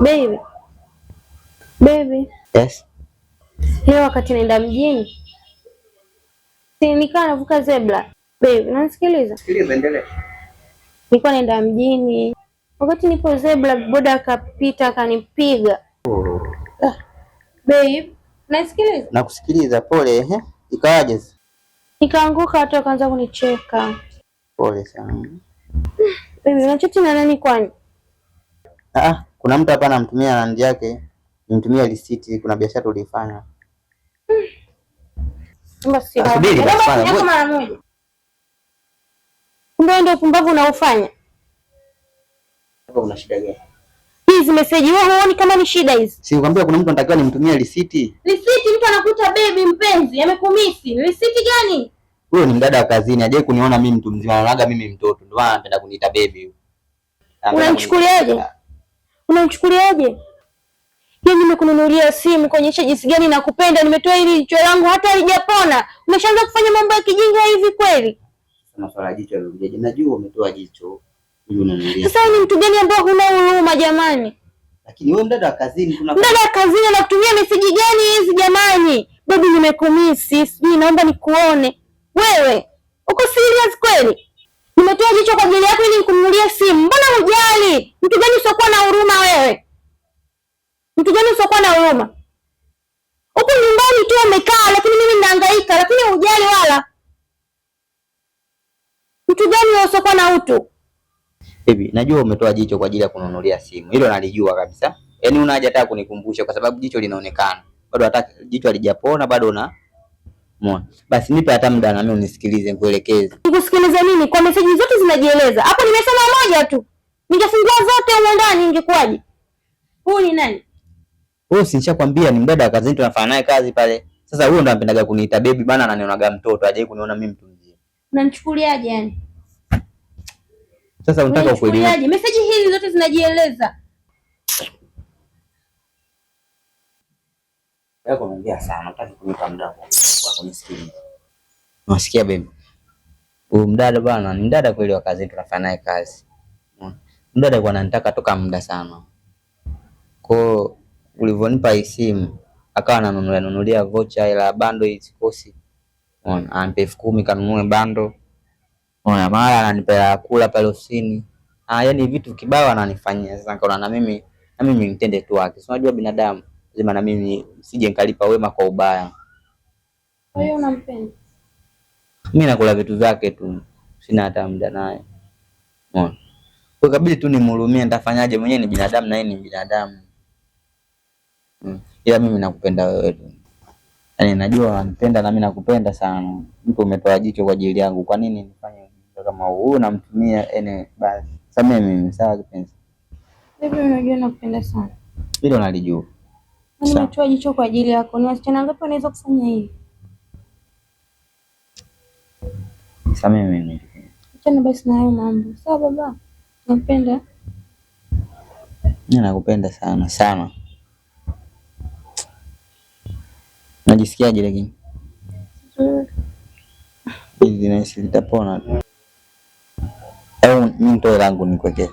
Baby. Baby. Yes. Leo wakati naenda mjini si nikawa navuka zebra. Baby, unanisikiliza? Sikiliza, endelea. Nilikuwa naenda mjini wakati nipo zebra, boda akapita akanipiga. Oh. Ah, unanisikiliza? Nakusikiliza. Pole. Ehe, ikawaje? Nikaanguka, watu wakaanza kunicheka. Pole sana. Ah, Baby, unachoti na nani kwani? Ah. ah. Kuna mtu hapa anamtumia land yake, nimtumia receipt, kuna biashara ulifanya. Kumbe ndio upumbavu unaofanya una shida gani? Hizi wewe huoni kama ni shida hizi? Si kuna mtu anatakiwa nimtumie risiti. Risiti mtu anakuta baby mpenzi amekumisi. gani? Huyo ni mdada wa kazini, aje kuniona mimi mtu mzima, anaonaga mimi mtoto, ndio maana anapenda kuniita baby unamchukuliaje? Ye, yaani nimekununulia simu kuonyesha jinsi gani nakupenda, nimetoa hili jicho langu hata halijapona, umeshaanza kufanya mambo ya kijinga hivi kweli? Najua umetoa jicho sasa ni mtu gani ambao huna huruma jamani? Lakini wewe mdada wa kazini, kuna mdada wa kazini anakutumia meseji gani hizi jamani? Baby, nimekumisi, sijui naomba nikuone. Wewe mtoto kwa ajili yako ili nikununulie simu? Mbona hujali? Mtu gani usiokuwa na huruma wewe? Mtu gani usiokuwa na huruma? Huko nyumbani tu umekaa, lakini mimi ninahangaika, lakini hujali wala. Mtu gani wewe usiokuwa na utu? hivi najua umetoa jicho kwa ajili ya kununulia simu. Hilo nalijua kabisa. Yaani unaje hata kunikumbusha kwa sababu jicho linaonekana. Bado hata jicho halijapona, bado na Mwa. Basi nipe hata muda na mimi unisikilize nikuelekeze. Nikusikilize nini? Kwa meseji zote zinajieleza. Hapo nimesema moja tu. Ningefungua zote huko ndani ingekuwaje? Huyu ni nani? Huyu si nishakwambia ni mdada wa kazini tunafanya naye kazi pale. Sasa huyo ndo anapendaga kuniita baby bana, na anionaga mtoto, hajawahi kuniona mimi mtu mzima. Unanichukuliaje yani? Sasa unataka ukweli. Unanichukuliaje? Meseji hizi zote zinajieleza. Yako naongea sana, nataka kunipa muda. wako wako maskini. Unasikia baby? Huyu mdada bwana ni mdada kweli wa kazi, tunafanya naye kazi. Mdada alikuwa ananitaka toka muda sana. Kwa ulivyonipa hii simu akawa ananunulia nunulia vocha ila bando hii sikosi. Unaona, ampe elfu kumi kanunue bando. Ona mara ananipa ya kula pale ofisini. Ah, yani vitu kibao ananifanyia. Sasa kaona na mimi na mimi nitende tu haki. Unajua binadamu lazima na mimi sije nikalipa wema kwa ubaya hiyo unampenda? Mimi nakula vitu vyake tu, sina hata muda naye. Unaona? Kwa kabidi tu nimhurumie, nitafanyaje? Mwenyewe ni binadamu na yeye ni binadamu. Mm. Ila mimi nakupenda wewe tu. Yaani najua wanipenda na mimi nakupenda sana. Mtu umetoa jicho kwa ajili yangu. Kwa nini nifanye kama huyu namtumia ene yaani basi. Samehe mimi, sawa kipenzi. Mimi najua nakupenda sana. Hilo nalijua. Nimetoa yaani jicho kwa ajili yako. Ni wasichana ngapi wanaweza kufanya hivi? Nisamehe mimi. Achana basi na hayo mambo. Sawa baba, nakupenda. Mimi nakupenda sana sana. Najisikiaje lakini? Hivi nahisi nitapona au mimi nitoe langu nikuwekee?